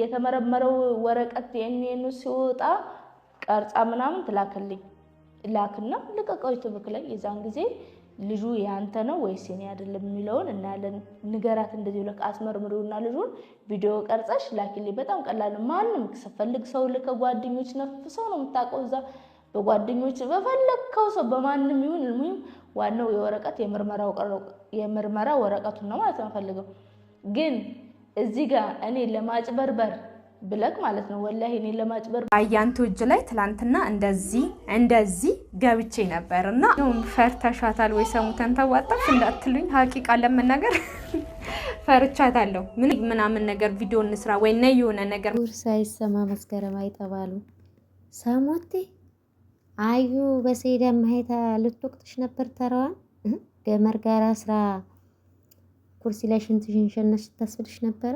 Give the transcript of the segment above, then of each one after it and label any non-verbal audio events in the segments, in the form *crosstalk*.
የተመረመረው ወረቀት የኔኑ ሲወጣ ቀርጻ ምናምን ትላክልኝ ላክና ልቀቀው ዩቱብክ ላይ የዛን ጊዜ ልጁ ያንተ ነው ወይስ የኔ አይደለም የሚለውን እናያለን። ንገራት እንደዚህ ብለህ አስመርምሪውና ልጁን ቪዲዮ ቀርጸሽ ላኪልኝ። በጣም ቀላል ነው። ማንም ስፈልግ ሰው ልከ ጓደኞች ነፍ ሰው ነው የምታውቀው እዛ በጓደኞች በፈለግከው ሰው በማንም ይሁን ልሙም ዋናው የወረቀት የምርመራ ወረቀቱን ነው ማለት ነው ፈልገው ግን እዚህ ጋር እኔ ለማጭበርበር ብለክ ማለት ነው። ወላሂ እኔ ለማጭበርበር አያንቱ እጅ ላይ ትላንትና እንደዚህ እንደዚህ ገብቼ ነበር እና ፈርተሻታል ወይ ሰሙተን ተዋጣች እንዳትሉኝ ሀቂቃ ለመናገር *laughs* ፈርቻታለሁ። ምን ምናምን ነገር ቪዲዮ እንስራ ወይ ነ የሆነ ነገር ሳይሰማ መስከረም አይጠባሉ ሰሞቴ አዩ በሴዳ ማሄታ ልትወቅጥሽ ነበር ተረዋን ገመር ጋራ ስራ ኩርሲ ላይ ሽንትሽን ሸነሽ ታስብልሽ ነበረ።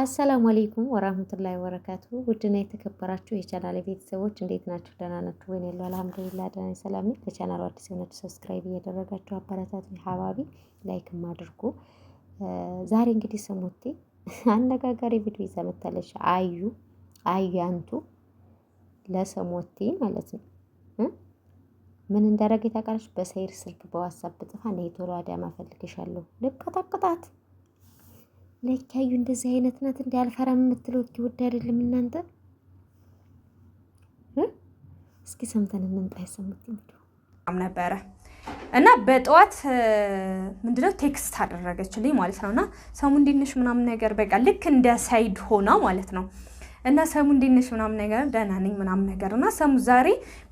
አሰላሙ አሌይኩም ወራህመቱላሂ ወበረካቱ። ውድና የተከበራችሁ የቻናል ቤተሰቦች እንዴት ናችሁ? ደህና ናችሁ ወይን? ያለው አልሐምዱሊላህ ደህና ሰላም ነኝ። ለቻናሉ አዲስ የሆናችሁ ሰብስክራይብ እያደረጋችሁ አበረታት ሀባቢ ላይክም አድርጉ። ዛሬ እንግዲህ ሰሞቴ አነጋጋሪ ቪዲዮ ይዛ መታለች። አዩ አዩ አንቱ ለሰሞቴ ማለት ነው ምን እንዳደረገ ታውቃለች? በሰይር ስልክ በዋትሳፕ ብጽፋ እንደ ቶሎ አዳማ ፈልግሻለሁ ልቀጠቅጣት ለኪያዩ እንደዚህ አይነት ናት። እንዲ አልፈራ የምትለው እኪ አይደለም እናንተ። እስኪ ሰምተን እንምጣ። ያሰሙት ነበረ እና በጠዋት ምንድነው ቴክስት አደረገችልኝ ማለት ነው። እና ሰሙ እንዴት ምናምን ነገር በቃ ልክ እንደ ሳይድ ሆና ማለት ነው። እና ሰሙ እንዴት ምናምን ነገር ደህና ነኝ ምናምን ነገር እና ሰሙ ዛሬ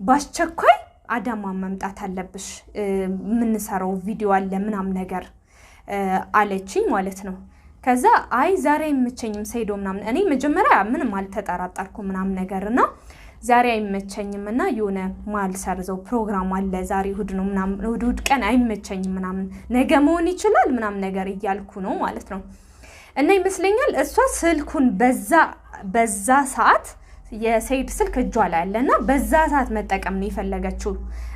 በአስቸኳይ አዳማ መምጣት አለብሽ የምንሰራው ቪዲዮ አለ ምናምን ነገር አለችኝ ማለት ነው። ከዛ አይ ዛሬ አይመቸኝም ሰይዶ ምናምን እኔ መጀመሪያ ምንም አልተጠራጠርኩ ምናምን ነገር እና ዛሬ አይመቸኝም እና የሆነ ማልሰርዘው ፕሮግራም አለ ዛሬ እሑድ ነው ምናምን እሑድ እሑድ ቀን አይመቸኝም ምናምን ነገ መሆን ይችላል ምናምን ነገር እያልኩ ነው ማለት ነው። እና ይመስለኛል እሷ ስልኩን በዛ በዛ ሰዓት የሰይድ ስልክ እጇ ላይ አለ እና በዛ ሰዓት መጠቀም ነው የፈለገችው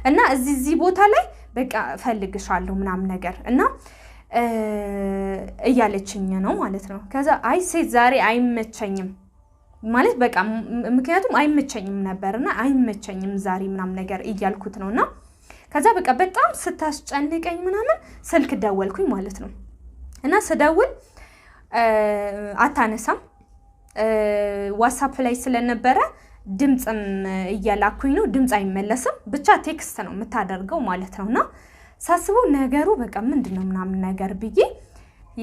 እና እዚህ እዚህ ቦታ ላይ በቃ እፈልግሻለሁ ምናምን ነገር እና እያለችኝ ነው ማለት ነው። ከዛ አይ ሴት ዛሬ አይመቸኝም ማለት በቃ ምክንያቱም አይመቸኝም ነበር እና አይመቸኝም ዛሬ ምናምን ነገር እያልኩት ነው እና ከዛ በቃ በጣም ስታስጨንቀኝ ምናምን ስልክ ደወልኩኝ ማለት ነው እና ስደውል አታነሳም ዋትሳፕ ላይ ስለነበረ ድምፅም እያላኩኝ ነው። ድምፅ አይመለስም፣ ብቻ ቴክስት ነው የምታደርገው ማለት ነው። እና ሳስበው ነገሩ በቃ ምንድን ነው ምናምን ነገር ብዬ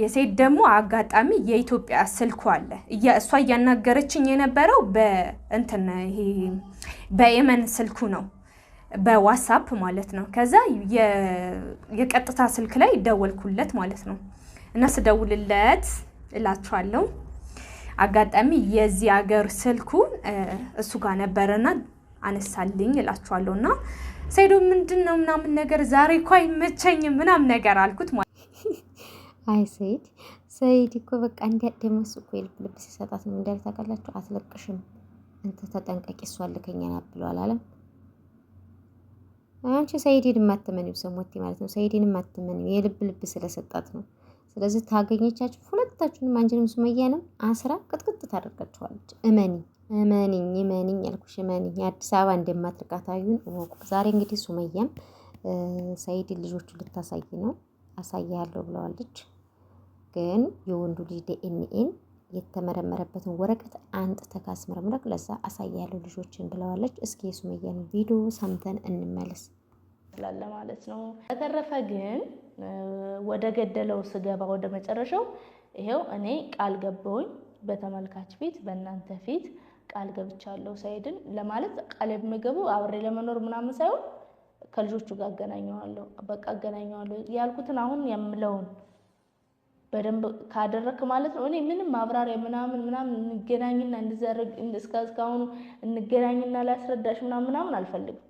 የሴት ደግሞ አጋጣሚ የኢትዮጵያ ስልኩ አለ። እሷ እያናገረችኝ የነበረው በእንትን ይሄ በየመን ስልኩ ነው በዋትሳፕ ማለት ነው። ከዛ የቀጥታ ስልክ ላይ ደወልኩለት ማለት ነው እና ስደውልለት እላችኋለሁ አጋጣሚ የዚህ ሀገር ስልኩ እሱ ጋር ነበረና አነሳልኝ እላችኋለሁ። እና ሰይዶ ምንድን ነው ምናምን ነገር ዛሬ እኮ አይመቸኝም ምናምን ነገር አልኩት። *laughs* አይ ሰይድ ሰይድ እኮ በቃ እንዲያደመስ እኮ የልብ ልብ ሲሰጣት ነው እንዳለ ታውቃላችሁ። አትለቅሽም እንተ ተጠንቀቂ፣ እሷ ልከኛ ናት ብሏል አለም። አንቺ ሰይድን የማትመኒው ሰሞቴ ማለት ነው። ሰይድን የማትመኒው የልብ ልብ ስለሰጣት ነው። ስለዚህ ታገኘቻችሁ ሁለታችሁንም አንቺንም ሱመያንም አስራ ቅጥቅጥ ታደርጋችኋለች። እመኒ እመኒኝ እመኒኝ ያልኩሽ እመኒኝ። አዲስ አበባ እንደማትርቃት አዩን እወቁ። ዛሬ እንግዲህ ሱመያም ሰኢድን ልጆቹ ልታሳይ ነው። አሳያለሁ ብለዋለች። ግን የወንዱ ልጅ ዲኤንኤን የተመረመረበትን ወረቀት አንጥተህ ካስመረምረክ ለዛ አሳያለሁ ልጆችን ብለዋለች። እስኪ የሱመያን ቪዲዮ ሰምተን እንመለስ። ይችላል ማለት ነው። በተረፈ ግን ወደ ገደለው ስገባ ወደ መጨረሻው ይሄው እኔ ቃል ገበውኝ በተመልካች ፊት በእናንተ ፊት ቃል ገብቻለሁ ሰኢድን ለማለት ቃል የሚገቡ አብሬ ለመኖር ምናምን ሳይሆን ከልጆቹ ጋር አገናኘዋለሁ፣ በቃ አገናኘዋለሁ ያልኩትን አሁን የምለውን በደንብ ካደረክ ማለት ነው። እኔ ምንም ማብራሪያ ምናምን ምናምን እንገናኝና እንድዘርግ እስካሁኑ እንገናኝና ላስረዳሽ ምናምን ምናምን አልፈልግም።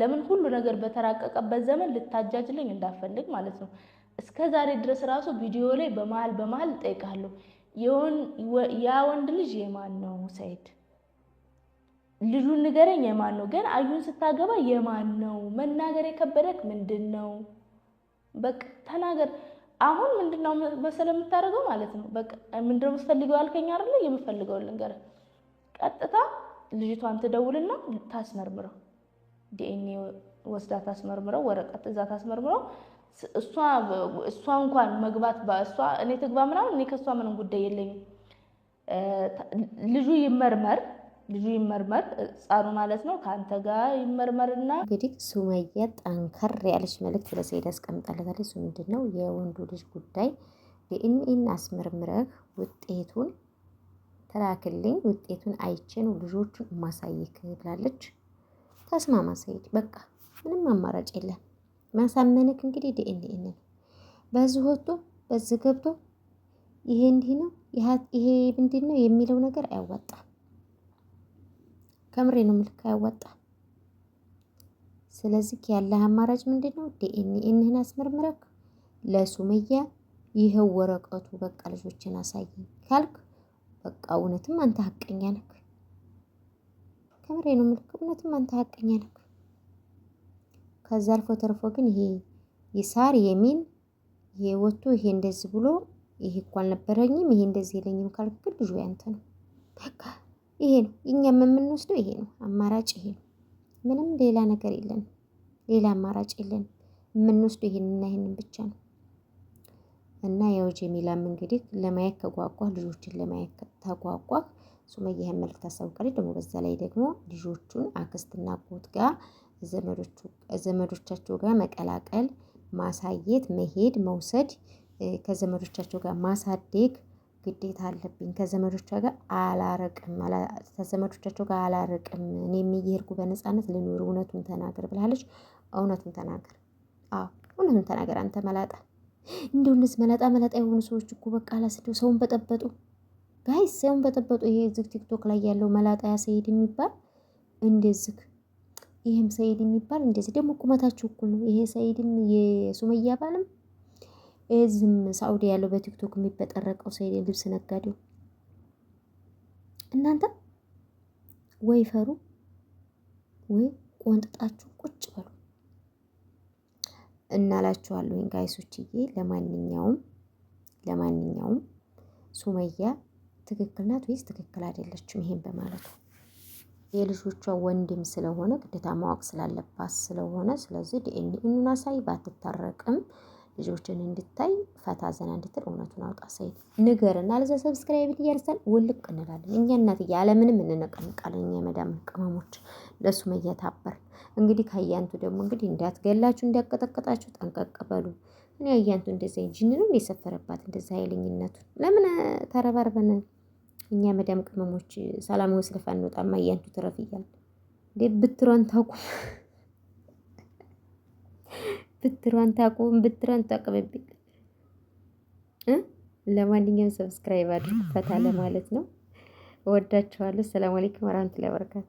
ለምን ሁሉ ነገር በተራቀቀበት ዘመን ልታጃጅለኝ እንዳፈልግ ማለት ነው። እስከ ዛሬ ድረስ ራሱ ቪዲዮ ላይ በመሀል በመሀል እጠይቃለሁ፣ ያ ወንድ ልጅ የማን ነው? ሰይድ ልጁን ንገረኝ፣ የማን ነው? ግን አዩን ስታገባ የማን ነው? መናገር የከበደክ ምንድን ነው? በቃ ተናገር። አሁን ምንድነው መሰለ የምታደርገው ማለት ነው። በቃ ምንድን ነው የምትፈልገው ያልከኝ አይደለ? የምፈልገው ልንገርህ። ቀጥታ ልጅቷን ትደውልና ታስመርምረው ዲኤንኤ ወስዳ ታስመርምረው፣ ወረቀት እዛ ታስመርምረው። እሷ እንኳን መግባት እሷ እኔ ትግባ ምናምን እኔ ከእሷ ምንም ጉዳይ የለኝም። ልጁ ይመርመር ልጁ ይመርመር፣ ጻኑ ማለት ነው ከአንተ ጋር ይመርመርና እንግዲህ ሱመያ ጠንከር ያለች መልእክት ለሰኢድ አስቀምጣለታለች። እሱ ምንድን ነው የወንዱ ልጅ ጉዳይ ዲኤንኤን አስመርምረህ ውጤቱን ተላክልኝ፣ ውጤቱን አይቼ ነው ልጆቹን ማሳየክ ብላለች። ተስማማ ሰይድ። በቃ ምንም አማራጭ የለም። ማሳመንክ እንግዲህ ዲኤንኤ ነው። በዚህ ወጥቶ በዚህ ገብቶ ይሄ እንዲህ ነው ይሄ ምንድን ነው የሚለው ነገር አያዋጣ። ከምሬ ነው ምልክ አያዋጣ። ስለዚህ ያለህ አማራጭ ምንድን ነው? ዲኤንኤንህን አስመርምረክ ለሱመያ ይህ ወረቀቱ በቃ ልጆችን አሳይ ካልክ በቃ እውነትም አንተ ሀቀኛ ነክ ከምሬ ነው የምልክ። እውነትም አንተ ሀቀኛ ነህ። ከዛ አልፎ ተርፎ ግን ይሄ ይሳር የሚን ይሄ ወቶ ይሄ እንደዚህ ብሎ ይሄ እኮ አልነበረኝም ይሄ እንደዚህ የለኝም ካልክ ግን ልጁ ያንተ ነው። በቃ ይሄ ነው እኛም የምንወስደው ይሄ ነው አማራጭ፣ ይሄ ነው ምንም ሌላ ነገር የለን ሌላ አማራጭ የለን የምንወስደው ይሄንና ይሄንን ብቻ ነው። እና ያው ጀሚላም እንግዲህ ለማየት ከጓጓ ልጆችን ለማየት ተጓጓህ ሱመያ ይሄን መልእክት ታሳውቃለች። ደግሞ በዛ ላይ ደግሞ ልጆቹን አክስትና አጎት ጋር ዘመዶቻቸው ጋር መቀላቀል፣ ማሳየት፣ መሄድ፣ መውሰድ፣ ከዘመዶቻቸው ጋር ማሳደግ ግዴታ አለብኝ። ከዘመዶቻ ጋር አላረቅም፣ ከዘመዶቻቸው ጋር አላረቅም። እኔ የሚሄድኩ በነፃነት ልኖር። እውነቱን ተናገር ብላለች። እውነቱን ተናገር። አዎ እውነቱን ተናገር አንተ መላጣ እንደው እነዚህ መላጣ መላጣ የሆኑ ሰዎች እኮ በቃ አላስደው ሰውን በጠበጡ ጋይ ሰውን በጠበጡ። ይሄ እዚህ ቲክቶክ ላይ ያለው መላጣ ያ ሰይድ የሚባል እንደዚህ፣ ይህም ሰይድ የሚባል እንደዚህ። ደግሞ ቁመታቸው እኩል ነው። ይሄ ሰይድም የሱመያ ባልም እዚህም ሳኡዲ ያለው በቲክቶክ የሚበጠረቀው ሰይድ ልብስ ነጋዴው። እናንተ ወይ ፈሩ ወይ ቆንጥጣችሁ ቁጭ በሉ። እናላችኋለሁኝ ጋይሶችዬ። ለማንኛውም ለማንኛውም ሱመያ ትክክል ናት ወይስ ትክክል አይደለችም? ይሄን በማለት የልጆቿ ወንድም ስለሆነ ግዴታ ማወቅ ስላለባት ስለሆነ ስለዚህ ዲኤንኤ አሳይ ባትታረቅም ልጆችን እንድታይ ፈታ ዘና እንድትል እውነቱን አውጣ ንገር እና ለዛ ሰብስክራይብ እያርሳል ውልቅ እንላለን። እኛ እናት ያለምንም እንነቀንቃለን። እኛ መዳም ቅመሞች ለሱ መየታበር እንግዲህ ከአያንቱ ደግሞ እንግዲህ እንዳትገላችሁ እንዳቀጠቀጣችሁ ጠንቀቅ በሉ። እኔ አያንቱ እንደዚ ጅን ነው የሰፈረባት እንደዚ ኃይለኝነቱን ለምን ተረባርበን እኛ መዳም ቅመሞች ሰላም ሰልፍ አንወጣም? አያንቱ ትረፍ እያል ብትሯን ታቁም። ብትሯን ታቁም ብትሯን ታቅምብኝ። ለማንኛውም ሰብስክራይብ አድርጉ ፈታ ለማለት ነው። ወዳችኋለሁ። ሰላም አለይኩም ወራህመቱላሂ ወበረካቱ።